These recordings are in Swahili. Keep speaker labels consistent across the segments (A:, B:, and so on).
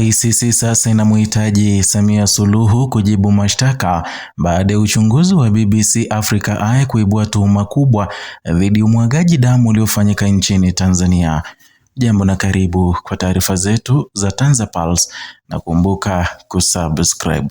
A: ICC sasa inamhitaji Samia Suluhu kujibu mashtaka baada ya uchunguzi wa BBC Africa Eye kuibua tuhuma kubwa dhidi ya umwagaji damu uliofanyika nchini Tanzania. Jambo na karibu kwa taarifa zetu za TanzaPulse na kumbuka kusubscribe.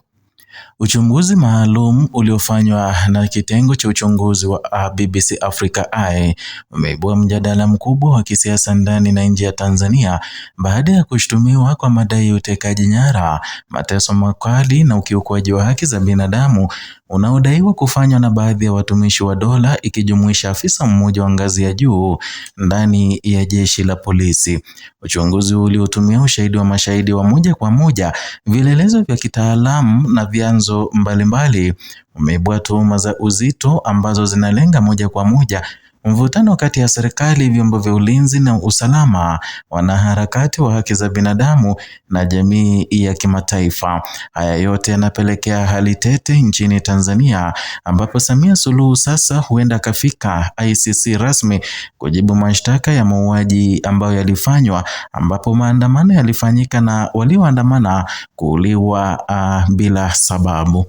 A: Uchunguzi maalum uliofanywa na kitengo cha uchunguzi wa ah, BBC Africa Eye umeibua mjadala mkubwa wa kisiasa ndani na nje ya Tanzania baada ya kushtumiwa kwa madai ya utekaji nyara, mateso makali na ukiukwaji wa haki za binadamu unaodaiwa kufanywa na baadhi ya watumishi wa dola ikijumuisha afisa mmoja wa ngazi ya juu ndani ya jeshi la polisi. Uchunguzi uliotumia ushahidi wa mashahidi wa moja kwa moja, vielelezo vya kitaalamu na vya vyanzo mbalimbali umebua tuhuma za uzito ambazo zinalenga moja kwa moja Mvutano kati ya serikali, vyombo vya ulinzi na usalama, wanaharakati wa haki za binadamu na jamii ya kimataifa. Haya yote yanapelekea hali tete nchini Tanzania ambapo Samia Suluhu sasa huenda akafika ICC rasmi kujibu mashtaka ya mauaji ambayo yalifanywa, ambapo maandamano yalifanyika na walioandamana kuuliwa uh, bila sababu.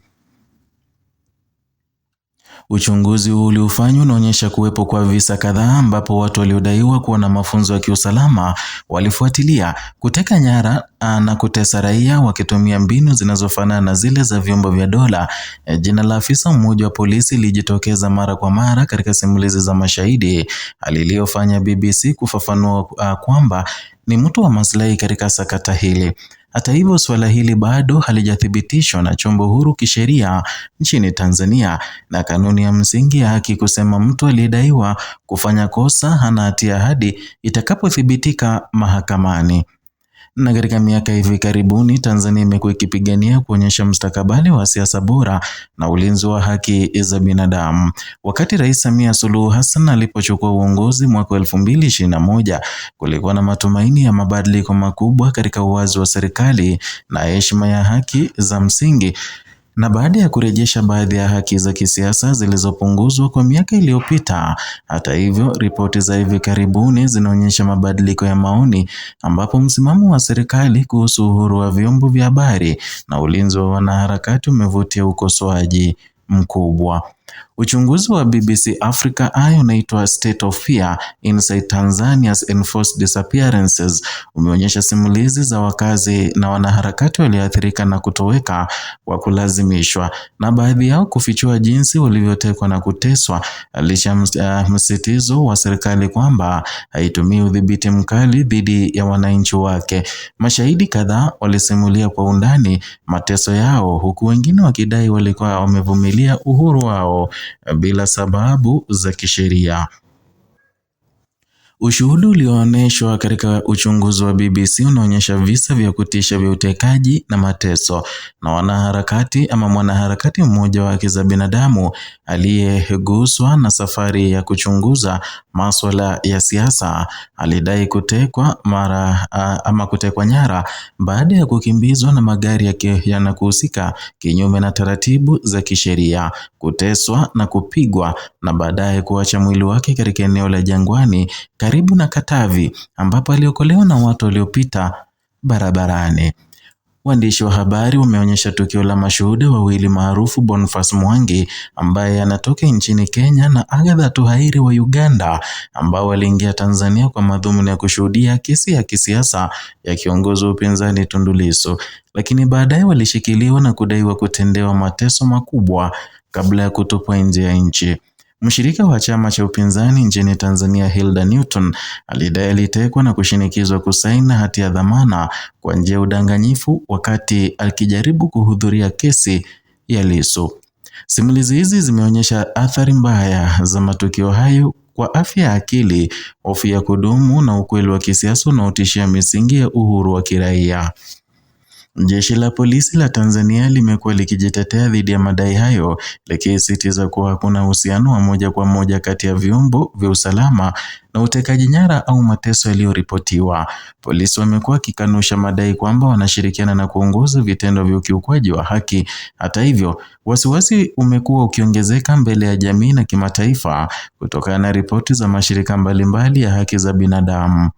A: Uchunguzi huu uliofanywa unaonyesha kuwepo kwa visa kadhaa ambapo watu waliodaiwa kuwa na mafunzo ya kiusalama walifuatilia, kuteka nyara ah, na kutesa raia wakitumia mbinu zinazofanana na zile za vyombo vya dola. Eh, jina la afisa mmoja wa polisi lilijitokeza mara kwa mara katika simulizi za mashahidi, hali iliyofanya BBC kufafanua ah, kwamba ni mtu wa maslahi katika sakata hili. Hata hivyo, suala hili bado halijathibitishwa na chombo huru kisheria nchini Tanzania na kanuni ya msingi ya haki kusema mtu aliyedaiwa kufanya kosa hana hatia hadi itakapothibitika mahakamani. Na katika miaka hivi karibuni, Tanzania imekuwa ikipigania kuonyesha mustakabali wa siasa bora na ulinzi wa haki za binadamu. Wakati Rais Samia Suluhu Hassan alipochukua uongozi mwaka moja kulikuwa na matumaini ya mabadiliko makubwa katika uwazi wa serikali na heshima ya haki za msingi na baada ya kurejesha baadhi ya haki za kisiasa zilizopunguzwa kwa miaka iliyopita, hata hivyo, ripoti za hivi karibuni zinaonyesha mabadiliko ya maoni, ambapo msimamo wa serikali kuhusu uhuru wa vyombo vya habari na ulinzi wa wanaharakati umevutia ukosoaji mkubwa. Uchunguzi wa BBC Africa ayo unaitwa State of Fear Inside Tanzania's Enforced Disappearances umeonyesha simulizi za wakazi na wanaharakati walioathirika na kutoweka kwa kulazimishwa na baadhi yao kufichua jinsi walivyotekwa na kuteswa, licha ya msitizo eh, wa serikali kwamba haitumii udhibiti mkali dhidi ya wananchi wake. Mashahidi kadhaa walisimulia kwa undani mateso yao, huku wengine wakidai walikuwa wamevumilia uhuru wao bila sababu za kisheria. Ushuhuda ulioonyeshwa katika uchunguzi wa BBC unaonyesha visa vya kutisha vya utekaji na mateso na wanaharakati ama mwanaharakati mmoja wa haki za binadamu aliyeguswa na safari ya kuchunguza masuala ya siasa alidai kutekwa mara ama kutekwa nyara baada ya kukimbizwa na magari yanakuhusika kinyume na taratibu za kisheria, kuteswa na kupigwa na baadaye kuacha mwili wake katika eneo la jangwani karibu na Katavi ambapo aliokolewa na watu waliopita barabarani. Waandishi wa habari wameonyesha tukio la mashuhuda wawili maarufu Boniface Mwangi ambaye anatoka nchini Kenya na Agatha Tuhairi wa Uganda ambao waliingia Tanzania kwa madhumuni ya kushuhudia kesi ya kisiasa ya kiongozi wa upinzani Tundu Lissu, lakini baadaye walishikiliwa na kudaiwa kutendewa mateso makubwa kabla ya kutupwa nje ya nchi. Mshirika wa chama cha upinzani nchini Tanzania Hilda Newton alidai alitekwa na kushinikizwa kusaini hati ya dhamana kwa njia ya udanganyifu wakati akijaribu kuhudhuria kesi ya Lissu. Simulizi hizi zimeonyesha athari mbaya za matukio hayo kwa afya ya akili, hofu ya kudumu na ukweli wa kisiasa unaotishia misingi ya uhuru wa kiraia. Jeshi la polisi la Tanzania limekuwa likijitetea dhidi ya madai hayo, likisisitiza kuwa hakuna uhusiano wa moja kwa moja kati ya vyombo vya usalama na utekaji nyara au mateso yaliyoripotiwa. Polisi wamekuwa wakikanusha madai kwamba wanashirikiana na kuongoza vitendo vya ukiukwaji wa haki. Hata hivyo, wasiwasi umekuwa ukiongezeka mbele ya jamii na kimataifa kutokana na ripoti za mashirika mbalimbali ya haki za binadamu.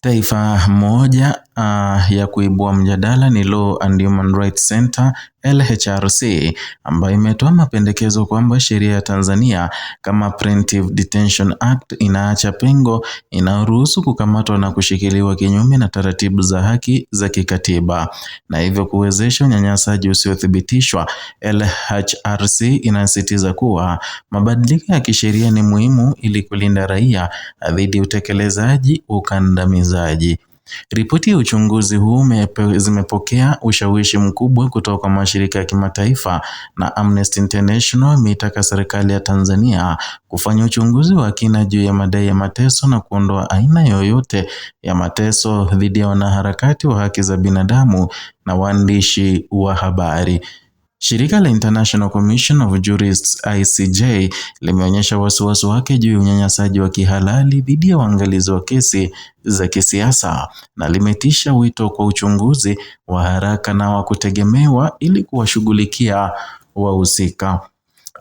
A: Taifa moja Ah, ya kuibua mjadala ni Law and Human Rights Center LHRC ambayo imetoa mapendekezo kwamba sheria ya Tanzania kama Preventive Detention Act inaacha pengo inayoruhusu kukamatwa na kushikiliwa kinyume na taratibu za haki za kikatiba na hivyo kuwezesha unyanyasaji usiothibitishwa. LHRC inasisitiza kuwa mabadiliko ya kisheria ni muhimu ili kulinda raia dhidi ya utekelezaji ukandamizaji Ripoti ya uchunguzi huu zimepokea ushawishi mkubwa kutoka mashirika ya kimataifa na Amnesty International imeitaka serikali ya Tanzania kufanya uchunguzi wa kina juu ya madai ya mateso na kuondoa aina yoyote ya mateso dhidi ya wanaharakati wa haki za binadamu na waandishi wa habari. Shirika la International Commission of Jurists ICJ limeonyesha wasiwasi wake juu ya unyanyasaji wa kihalali dhidi ya waangalizi wa kesi za kisiasa na limetisha wito kwa uchunguzi wa haraka na wa kutegemewa ili kuwashughulikia wahusika.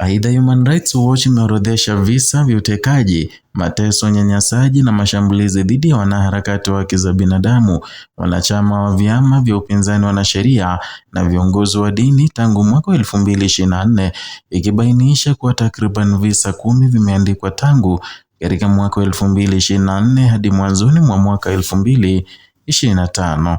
A: Aidha, Human Rights Watch imeorodhesha visa vya utekaji, mateso, unyanyasaji na mashambulizi dhidi ya wanaharakati wa haki za binadamu, wanachama wa vyama vya upinzani, wanasheria na viongozi wa dini tangu mwaka wa 2024 ikibainisha kuwa takriban visa kumi vimeandikwa tangu katika mwaka wa 2024 hadi mwanzoni mwa mwaka 2025.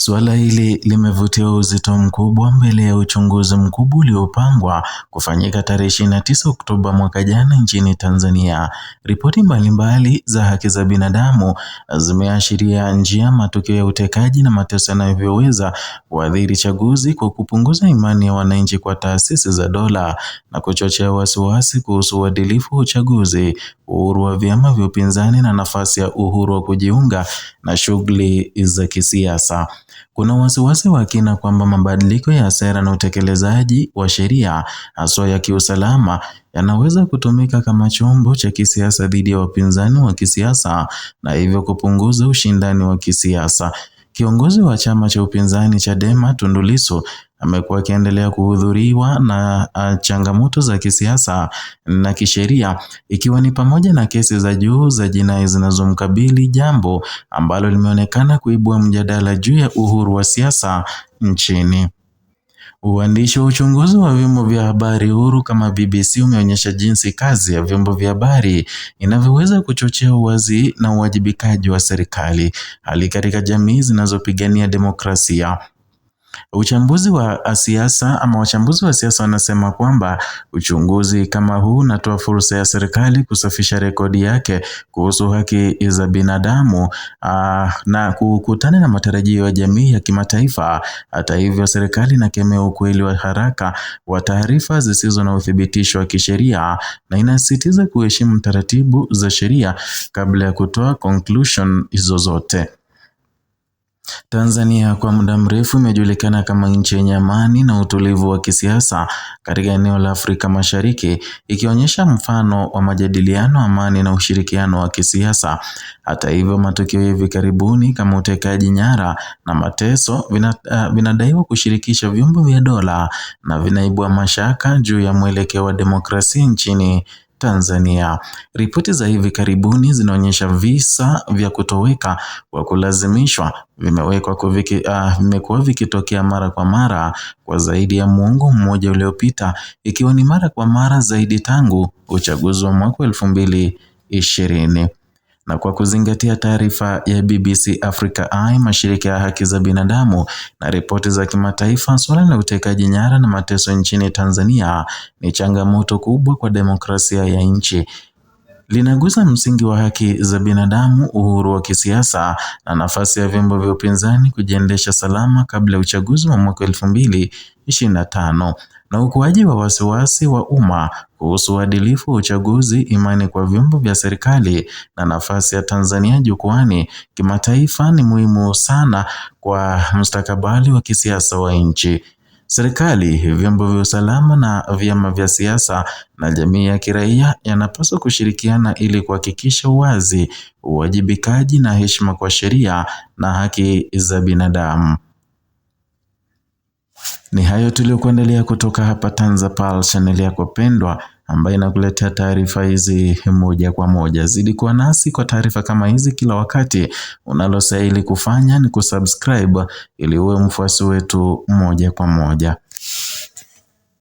A: Suala hili limevutia uzito mkubwa mbele ya uchunguzi mkubwa uliopangwa kufanyika tarehe 29 Oktoba mwaka jana nchini Tanzania. Ripoti mbalimbali za haki za binadamu zimeashiria njia matukio ya utekaji na mateso yanavyoweza kuathiri chaguzi kwa kupunguza imani ya wananchi kwa taasisi za dola na kuchochea wasiwasi kuhusu uadilifu wa uchaguzi, uhuru wa vyama vya upinzani na nafasi ya uhuru wa kujiunga na shughuli za kisiasa. Kuna wasiwasi wa kina kwamba mabadiliko ya sera na utekelezaji wa sheria haswa ya kiusalama yanaweza kutumika kama chombo cha kisiasa dhidi ya wapinzani wa kisiasa na hivyo kupunguza ushindani wa kisiasa. Kiongozi wa chama cha upinzani Chadema Tundu Lissu amekuwa akiendelea kuhudhuriwa na changamoto za kisiasa na kisheria ikiwa ni pamoja na kesi za juu za jinai zinazomkabili, jambo ambalo limeonekana kuibua mjadala juu ya uhuru wa siasa nchini. Uandishi wa uchunguzi wa vyombo vya habari huru kama BBC umeonyesha jinsi kazi ya vyombo vya habari inavyoweza kuchochea uwazi na uwajibikaji wa serikali, hali katika jamii zinazopigania demokrasia. Uchambuzi wa uh, siasa ama wachambuzi wa siasa wanasema kwamba uchunguzi kama huu unatoa fursa ya serikali kusafisha rekodi yake kuhusu haki za binadamu uh, na kukutana na matarajio ya jamii ya kimataifa. Hata hivyo, serikali inakemea ukweli wa haraka wa taarifa zisizo na uthibitisho wa kisheria na inasisitiza kuheshimu taratibu za sheria kabla ya kutoa conclusion hizo zote. Tanzania kwa muda mrefu imejulikana kama nchi yenye amani na utulivu wa kisiasa katika eneo la Afrika Mashariki, ikionyesha mfano wa majadiliano, amani na ushirikiano wa kisiasa. Hata hivyo, matukio hivi karibuni kama utekaji nyara na mateso eh, vinadaiwa kushirikisha vyombo vya dola na vinaibua mashaka juu ya mwelekeo wa demokrasia nchini. Tanzania. Ripoti za hivi karibuni zinaonyesha visa vya kutoweka kwa kulazimishwa vimewekwa ah, vimekuwa uh, vikitokea mara kwa mara kwa zaidi ya muongo mmoja uliopita, ikiwa ni mara kwa mara zaidi tangu uchaguzi wa mwaka elfu mbili ishirini na kwa kuzingatia taarifa ya BBC Africa Eye, mashirika ya haki za binadamu na ripoti za kimataifa, suala la utekaji nyara na mateso nchini Tanzania ni changamoto kubwa kwa demokrasia ya nchi linagusa msingi wa haki za binadamu, uhuru wa kisiasa na nafasi ya vyombo vya upinzani kujiendesha salama kabla ya uchaguzi wa mwaka elfu mbili ishirini na tano na ukuaji wa wasiwasi wa umma kuhusu uadilifu wa uchaguzi, imani kwa vyombo vya serikali na nafasi ya Tanzania jukwani kimataifa ni muhimu sana kwa mustakabali wa kisiasa wa nchi. Serikali, vyombo vya usalama na vyama vya siasa na jamii ya kiraia yanapaswa kushirikiana ili kuhakikisha uwazi, uwajibikaji na heshima kwa sheria na haki za binadamu. Ni hayo tuliokuandalia kutoka hapa TanzaPal, chaneli yako pendwa ambayo inakuletea taarifa hizi moja kwa moja. Zidi kuwa nasi kwa taarifa kama hizi kila wakati. Unalostahili kufanya ni kusubscribe ili uwe mfuasi wetu moja kwa moja.